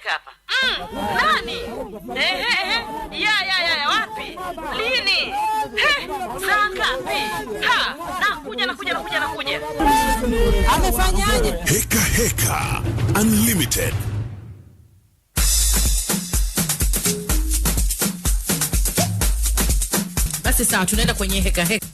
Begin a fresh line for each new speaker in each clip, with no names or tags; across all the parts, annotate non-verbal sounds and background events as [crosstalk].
Nimekuweka hapa mm, nani? Eh eh, eh, eh, ya, ya, ya, ya, wapi? Lini? Eh, saa ngapi? Ha, nakuja, nakuja, nakuja, nakuja.
Amefanyaje?
Heka Heka Unlimited.
Basi sawa, tunaenda kwenye Heka Heka.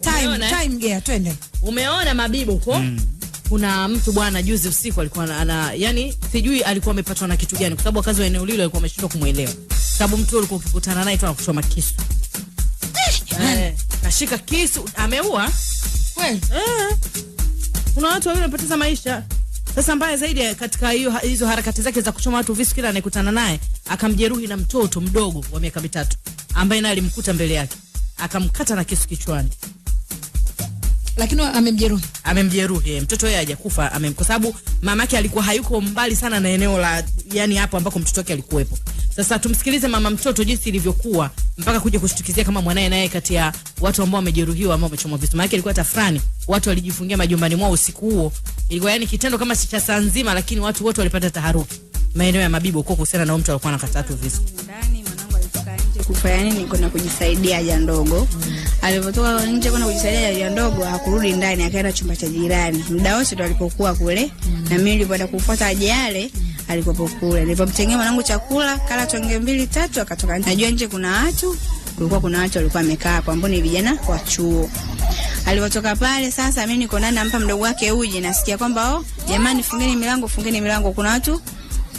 Time, eh? time, gear twende.
Umeona mabibu huko? Mm kuna mtu bwana juzi usiku alikuwa ana, yani sijui alikuwa amepatwa na kitu gani, kwa sababu wakazi wa eneo lilo walikuwa wameshindwa kumwelewa, sababu mtu alikuwa ukikutana naye tu anakuchoma kisu eh, eh, kashika kisu ameua kweli eh. Kuna watu wawili wamepoteza maisha. Sasa mbaya zaidi katika hiyo hizo harakati zake za kuchoma watu visu, kila anayekutana naye akamjeruhi na mtoto mdogo wa miaka mitatu ambaye naye alimkuta mbele yake akamkata na kisu kichwani
lakini amemjeruhi,
amemjeruhi mtoto. Yeye hajakufa amem, kwa sababu mamake alikuwa hayuko mbali sana na eneo la yani hapo ambako mtoto wake alikuwepo. Sasa tumsikilize mama mtoto jinsi ilivyokuwa mpaka kuja kushtukizia kama mwanaye naye kati ya watu ambao wamejeruhiwa ambao wamechomwa vitu Maana alikuwa tafrani, watu walijifungia majumbani mwao usiku huo. Ilikuwa yani kitendo kama cha saa nzima, lakini watu wote walipata taharuki maeneo ya Mabibo huko kuhusiana na mtu alikuwa anakata watu visu
kufanya nini, kwenda kujisaidia haja ndogo. Alivyotoka nje kwenda kujisaidia haja ndogo, akurudi ndani, akaenda chumba cha jirani. Muda wote ndo alipokuwa kule, na mimi nilipoenda kufuata haja yale alikopo kule. Nilipomtengea mwanangu chakula, kala tonge mbili tatu, akatoka. Najua nje kuna watu, kulikuwa kuna watu walikuwa wamekaa hapo ambao ni vijana wa chuo. Alipotoka pale sasa, mimi niko ndani nampa mdogo wake uji, nasikia kwamba oh, jamani, fungeni milango, fungeni milango, kuna watu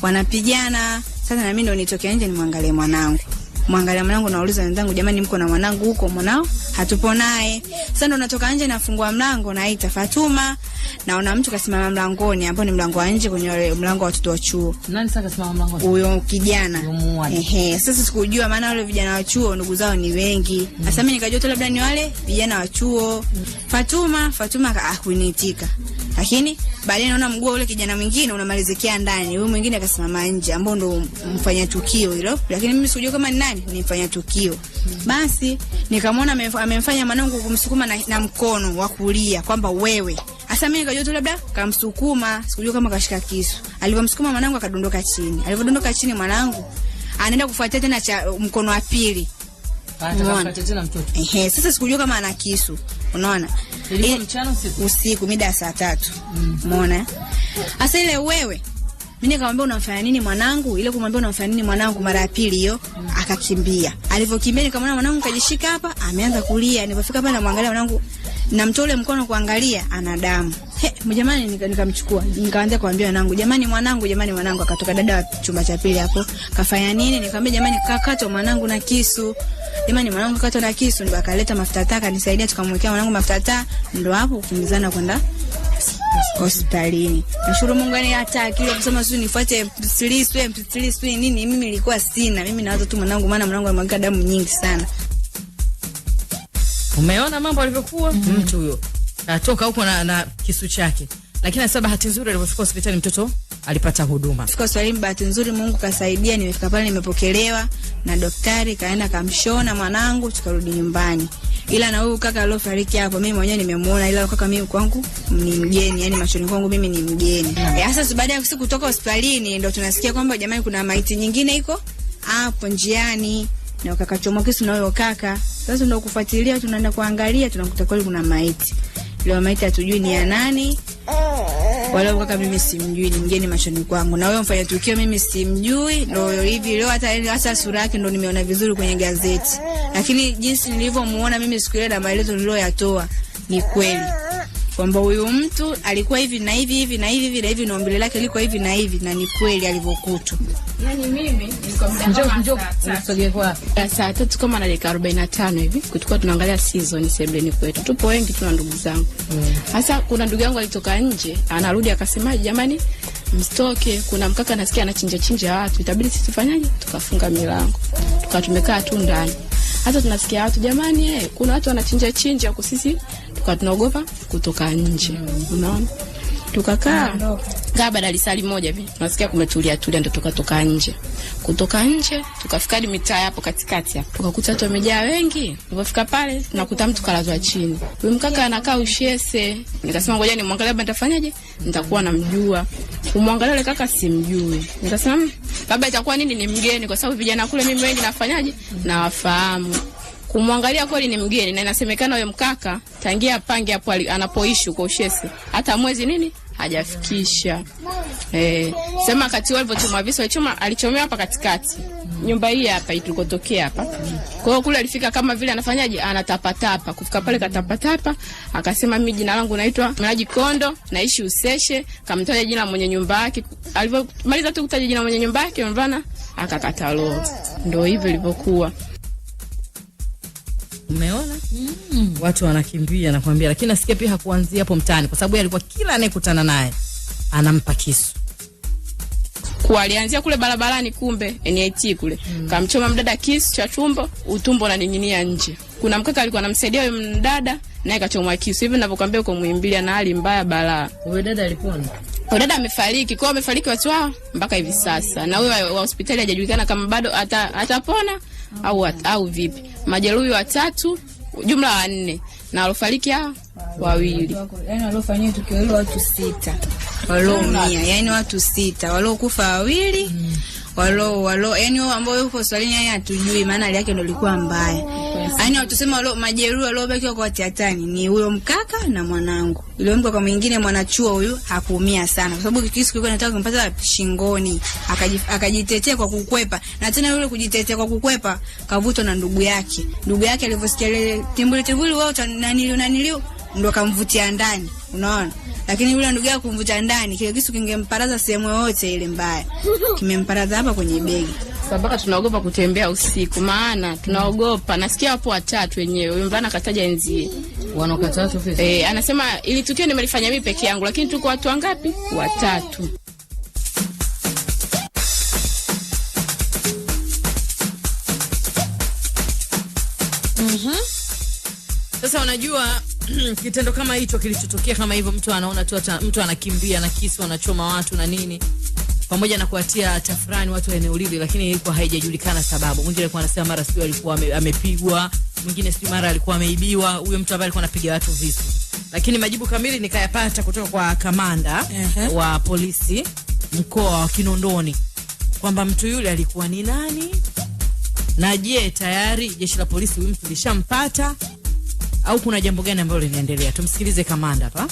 wanapigana. Sasa na mimi ndo nitoke nje nimwangalie mwanangu mwangalia mlango, nauliza wenzangu, jamani, mko na mwanangu huko? Mwanao hatupo naye. Sasa ndo natoka nje, nafungua mlango, naita Fatuma, naona mtu kasimama mlangoni, ambao ni mlango wa nje kwenye mlango wa watoto wa chuo.
Nani sasa kasimama mlangoni?
Huyo kijana. Ehe, sasa sikujua, maana wale vijana wa chuo ndugu zao ni wengi. Mm. Sasa mimi nikajua tu labda ni wale vijana wa chuo. Fatuma, Fatuma akuniitika, ah, lakini Baadaye naona mguu ule kijana mwingine unamalizikia ndani, huyu mwingine akasimama nje, ambao ndo mfanya tukio hilo, lakini mimi sikujua kama ni nani ni mfanya tukio. Basi nikamwona amemfanya mwanangu kumsukuma na, na mkono wa kulia kwamba wewe sasa mimi nikajua tu labda kamsukuma, sikujua kama kashika kisu. Alivyomsukuma mwanangu akadondoka chini. Alivyodondoka chini mwanangu anaenda kufuatia tena cha mkono wa pili.
Atafuatia tena mtoto.
Ehe, sasa sikujua kama ana kisu unaona
eh, mchana usiku,
usiku mida ya saa tatu mm. umeona mm. Sasa ile wewe mimi nikamwambia unamfanya nini mwanangu? Ile kumwambia unamfanya nini mwanangu, mara ya pili hiyo mm. akakimbia. Alivyokimbia nikamwona mwanangu kajishika hapa, ameanza kulia. Nilipofika pale namwangalia mwanangu, namtoa ule mkono kuangalia, ana damu. He, jamani, nikamchukua nika nikaanza kumwambia mwanangu, jamani mwanangu, jamani mwanangu. Akatoka dada wa chumba cha pili hapo, kafanya nini? Nikamwambia jamani, kakatwa mwanangu na kisu. Jamani, mwanangu katwa na kisu, ndo akaleta mafuta taa, kanisaidia, tukamwekea mwanangu mafuta taa, ndo hapo kukimbizana kwenda hospitalini. Nashukuru Mungu, yani hata akili kusema sijui nifuate mpisili sijui mpisili sijui nini, mimi nilikuwa sina, mimi nawaza tu mwanangu, maana mwanangu alimwaga damu nyingi sana.
Umeona mambo alivyokuwa mm -hmm. Mtu huyo atoka huko na, na kisu chake, lakini sasa bahati nzuri alipofika hospitali mtoto alipata huduma. Of
course bahati nzuri Mungu kasaidia, nimefika pale nimepokelewa na daktari, kaenda kamshona mwanangu, tukarudi nyumbani. Ila na huyu kaka aliofariki hapo, mimi mwenyewe nimemuona, ila kaka mimi kwangu ni mgeni, yani machoni kwangu mimi ni mgeni. Sasa mm. e, baada ya siku kutoka hospitalini, ndo tunasikia kwamba jamani, kuna maiti nyingine iko hapo njiani na ukakachomwa kisu na huyo kaka. Sasa ndo kufuatilia, tunaenda kuangalia, tunakuta kweli kuna maiti. Leo maiti hatujui ni ya nani wala kaka, mimi simjui, ni mgeni machoni kwangu, na huyo mfanya tukio mimi simjui. Ndo hivi leo hata hata sura yake ndo nimeona vizuri kwenye gazeti, lakini jinsi nilivyomuona mimi siku ile na maelezo niliyoyatoa ni kweli kwamba huyu mtu alikuwa hivi na hivi hivi na hivi hivi na hivi na umbile lake liko hivi na hivi, na ni kweli alivyokutwa. Yani mimi
nilikuwa mdogo
saa tatu kama na dakika arobaini na tano hivi kutukua tunaangalia season sebleni kwetu, tupo wengi, tuna ndugu zangu mm. hasa mm. Kuna ndugu yangu alitoka nje, anarudi akasema, jamani mstoke, kuna mkaka nasikia anachinja chinja watu, itabidi sisi tufanyaje? Tukafunga milango tukatumekaa tu ndani hata tunasikia watu jamani, eh, kuna watu wanachinja chinja, huku sisi tukatunaogopa kutoka nje, unaona tukakaa kaa baada ya moja vi nasikia kumetulia tulia, ndo tukatoka nje. Kutoka nje tukafika hadi mitaa hapo katikati hapo, tukakuta watu wamejaa wengi. Nilipofika pale nakuta mtu kalazwa chini, huyu mkaka anakaa ushese. Nikasema ngoja ni mwangalia labda nitafanyaje, nitakuwa namjua. Kumwangalia yule kaka simjui, nikasema hmm, labda itakuwa nini, ni mgeni, kwa sababu vijana kule mimi wengi nafanyaje, nawafahamu kumwangalia kweli ni mgeni, na inasemekana huyo mkaka tangia apange hapo anapoishi kwa Ushesi hata mwezi nini hajafikisha. Eh, sema wakati wao alipochoma visu alichoma alichomewa hapa katikati nyumba hii hapa ilikotokea hapa. Kwa hiyo kule alifika kama vile anafanyaje, anatapatapa. Kufika pale katapatapa, akasema mimi jina langu naitwa Mlaji Kondo, naishi Useshe. Kamtaja jina mwenye nyumba yake, alivyomaliza tu kutaja jina mwenye nyumba yake, mvana akakata roho. Ndio hivyo ilivyokuwa.
Umeona
mm.
watu wanakimbia nakwambia, lakini nasikia pia hakuanzia hapo mtaani, kwa sababu alikuwa kila anayekutana naye anampa kisu
kuwa alianzia kule barabarani, kumbe NIT kule mm. kamchoma mdada kisu cha tumbo, utumbo unaning'inia nje. Kuna mkaka alikuwa anamsaidia huyo mdada, naye kachomwa kisu. Hivi ninavyokuambia, uko Muhimbili na hali mbaya balaa.
Huyo dada alipona?
Huyo dada amefariki. Kwa amefariki watu wao mpaka hivi sasa, na huyo wa hospitali hajajulikana kama bado ata, atapona au, au vipi. Majeruhi watatu jumla wanne na waliofariki hao wawili, yani waliofanyia tukio hilo watu sita, walioumia yani watu sita, waliokufa wawili mm walo walo, yani wao ambao yupo hospitalini yeye hatujui, maana hali yake ndio ilikuwa mbaya. Yani watusema walo majeruhi waliobakiwa kwa tiatani ni huyo mkaka na mwanangu. Yule mkaka kwa mwingine mwanachuo huyu hakuumia sana, kwa sababu kisu kilikuwa nataka kumpata shingoni, akajitetea kwa kukwepa, na tena yule kujitetea kwa kukwepa kavutwa na ndugu yake. Ndugu yake alivyosikia ile timbuli timbuli, wao nani nani ndo kamvutia ndani, unaona. Lakini yule ndugu yako kumvuta ndani, kile kisu kingemparaza sehemu yoyote ile mbaya, kimemparaza hapa kwenye begi.
Sababu tunaogopa kutembea usiku, maana tunaogopa. Nasikia hapo watatu wenyewe, huyo mvulana akataja enzie
wanakata fisi
eh, anasema ili tukio nimelifanya mimi peke yangu, lakini tuko watu wangapi? Watatu. Mhm. Sasa unajua [clears throat] kitendo kama hicho kilichotokea kama hivyo, mtu anaona tu, hata mtu anakimbia na kisu anachoma watu na nini, pamoja na kuatia tafrani watu eneo lile, lakini ilikuwa haijajulikana sababu. Mwingine alikuwa anasema mara sio alikuwa ame, amepigwa, mwingine sio mara alikuwa ameibiwa, huyo mtu ambaye alikuwa anapiga watu visu. Lakini majibu kamili nikayapata kutoka kwa kamanda uh-huh. wa polisi mkoa wa Kinondoni kwamba mtu yule alikuwa ni nani, na je, tayari jeshi la polisi huyu mtu lishampata au kuna jambo gani ambalo linaendelea? Tumsikilize kamanda hapa.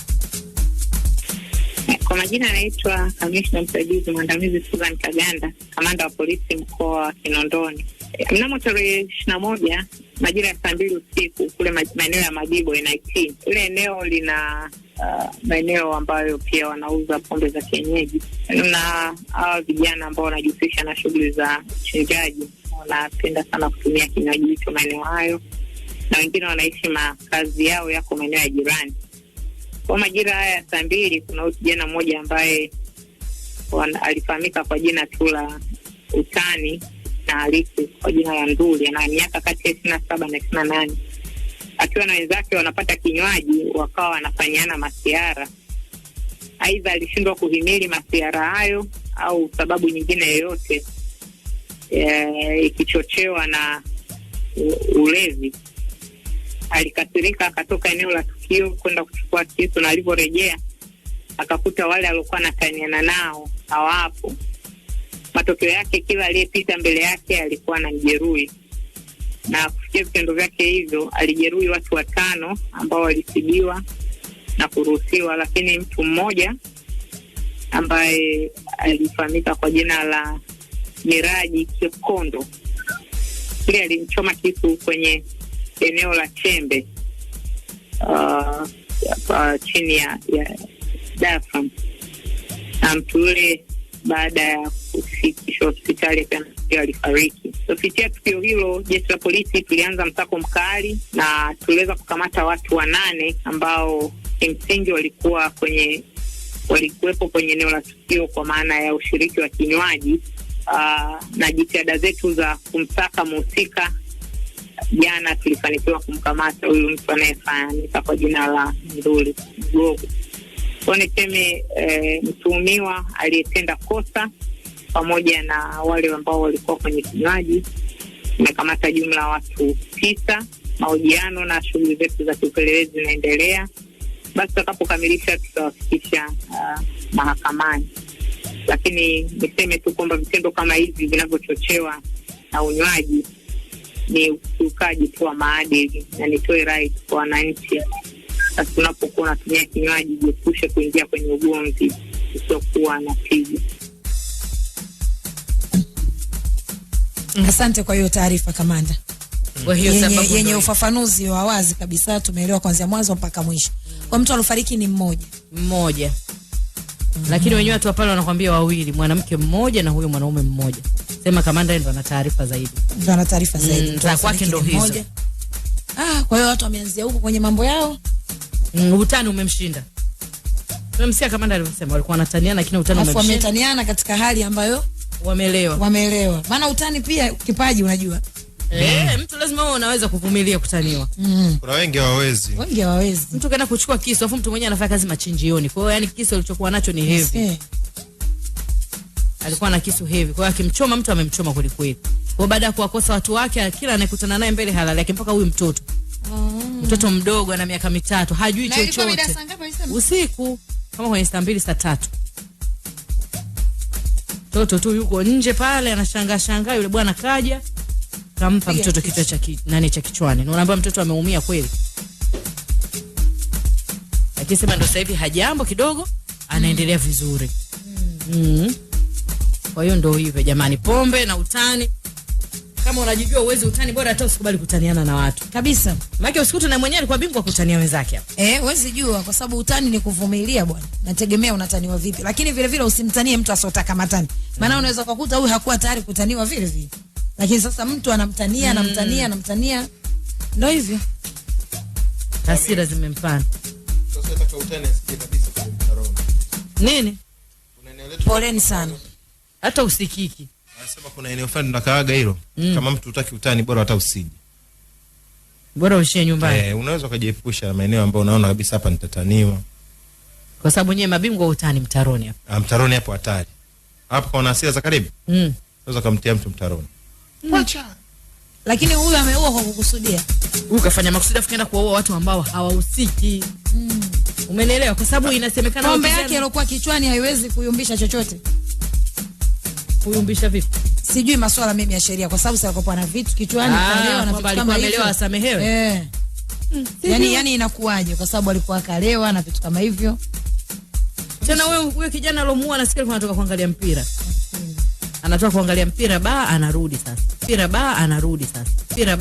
Kwa majina anaitwa kamishna msaidizi mwandamizi Susan Kaganda, kamanda wa polisi mkoa wa Kinondoni. Mnamo tarehe ishirini na moja majira ya saa mbili usiku kule maeneo ya Majibo nit ile eneo lina uh, maeneo ambayo pia wanauza pombe za kienyeji na hawa vijana ambao wanajihusisha na shughuli za uchinjaji wanapenda sana kutumia kinywaji hicho maeneo hayo na wengine wanaishi makazi yao yako maeneo ya jirani. Kwa majira haya ya saa mbili, kuna huyu kijana mmoja ambaye alifahamika kwa jina tu la utani na halisi kwa jina la Nduli, ana miaka kati ya ishirini na saba na ishirini na nane akiwa na wenzake wanapata kinywaji, wakawa wanafanyana masiara. Aidha alishindwa kuhimili masiara hayo au sababu nyingine yoyote eh, ikichochewa e, na ulevi alikasirika, akatoka eneo la tukio kwenda kuchukua kisu, na alivyorejea akakuta wale aliokuwa anataniana nao hawapo. Matokeo yake kila aliyepita mbele yake alikuwa anamjeruhi, na kufikia vitendo vyake hivyo alijeruhi watu watano ambao walitibiwa na kuruhusiwa, lakini mtu mmoja ambaye alifahamika kwa jina la Miraji Kiokondo, kile alimchoma kisu kwenye eneo la Chembe uh, uh, chini ya, ya Dafa na mtu yule baada ya kufikishwa hospitali alifariki. Kupitia tukio hilo, jeshi la polisi tulianza msako mkali na tuliweza kukamata watu wanane ambao kimsingi walikuwa kwenye walikuwepo kwenye eneo la tukio kwa maana ya ushiriki wa kinywaji. Uh, na jitihada zetu za kumsaka mhusika jana tulifanikiwa kumkamata huyu mtu anayefahamika kwa jina la Nduli Mgogo. Kwa niseme e, mtuhumiwa aliyetenda kosa pamoja na wale ambao walikuwa kwenye kinywaji, tumekamata jumla ya watu tisa. Mahojiano na shughuli zetu za kiupelelezi zinaendelea, basi tutakapokamilisha tutawafikisha uh, mahakamani. Lakini niseme tu kwamba vitendo kama hivi vinavyochochewa na unywaji ni ukiukaji tu wa maadili, na nitoe rai kwa wananchi, sasa unapokuwa unatumia kinywaji, jiepushe kuingia kwenye ugomvi usiokuwa na tija.
Asante kwa hiyo taarifa kamanda, yenye ufafanuzi wa wazi kabisa, tumeelewa kwanzia mwanzo mpaka mwisho. Kwa mtu alifariki ni mmoja
mmoja, mm -hmm. Lakini wenyewe watu wapale wanakwambia wawili, mwanamke mmoja na huyo mwanaume mmoja sema kamanda ndo ana taarifa zaidi,
ndo ana taarifa zaidi mm,
za kwake ndo hizo.
Ah, kwa hiyo watu wameanzia huko kwenye mambo yao
mm, utani umemshinda. Tumemsikia kamanda alivyosema, walikuwa wanataniana lakini utani umemshinda, afu
wametaniana katika hali ambayo wameelewa, wameelewa. Maana utani pia kipaji, unajua
Eh, mtu lazima wewe unaweza kuvumilia kutaniwa.
Mm.
Kuna wengi hawawezi.
Wengi hawawezi.
Mtu kaenda kuchukua kisu, afu mtu mwenyewe anafanya kazi machinjioni. Kwa hiyo yani kisu alichokuwa nacho ni heavy. Yes, eh alikuwa na kisu hivi, kwa hiyo akimchoma mtu amemchoma kweli kweli. Kwa baada ya kuwakosa watu wake, kila anayekutana naye mbele halali yake, mpaka huyu mtoto oh. mtoto mdogo ana miaka mitatu hajui chochote, usiku kama kwenye saa mbili saa tatu mtoto tu yuko nje pale anashangaa shangaa, yule bwana kaja kampa mtoto kichwa cha nani cha kichwani, na unaambia mtoto ameumia kweli. Akisema ndo sasa hivi hajambo kidogo, anaendelea vizuri mm. Mm. Kwa hiyo ndo hivyo jamani, pombe na utani kama unajijua uwezi utani, bora hata usikubali kutaniana na watu kabisa. Maana usikute na mwenyewe alikuwa bingwa kutania wenzake hapo.
Eh, uwezi jua kwa sababu utani ni kuvumilia bwana, nategemea unataniwa vipi, lakini vile vile usimtanie mtu asiotaka matani, maana unaweza kukuta huyu hakuwa tayari kutaniwa vile vile, lakini sasa mtu anamtania mm, anamtania anamtania, ndio hivyo,
hasira zimempana. Sasa utani kabisa kwa nini? Poleni sana hata usikiki.
Anasema kuna eneo fulani ndakaaga hilo mm. kama mtu utaki utani, bora hata usije,
bora ushie nyumbani eh,
unaweza ukajiepusha na maeneo ambayo unaona kabisa hapa nitataniwa,
kwa sababu nyewe mabingwa utani mtaroni hapo.
Ah, mtaroni hapo hatari hapo, kwa hasira za karibu mm. unaweza kumtia mtu mtaroni
mm. Lakini huyu ameua kwa kukusudia,
huyu kafanya makusudi, afu kaenda kuwaua watu ambao hawahusiki
mm. Umenielewa? Kwa sababu inasemekana pombe yake alokuwa kichwani haiwezi kuyumbisha chochote
kuyumbisha vipi?
Sijui masuala mimi ya sheria kwa sababu sasa na vitu kichwani,
ah, kalewa na vitu kama hivyo, asamehewe.
Eh. Mm, yani, yani inakuwaje kwa sababu alikuwa kalewa na vitu kama hivyo.
Tena wewe huyo kijana alomuua nasikia alikuwa anatoka kuangalia mpira. Anatoka kuangalia mpira ba anarudi sasa. Mpira ba anarudi sasa. Mpira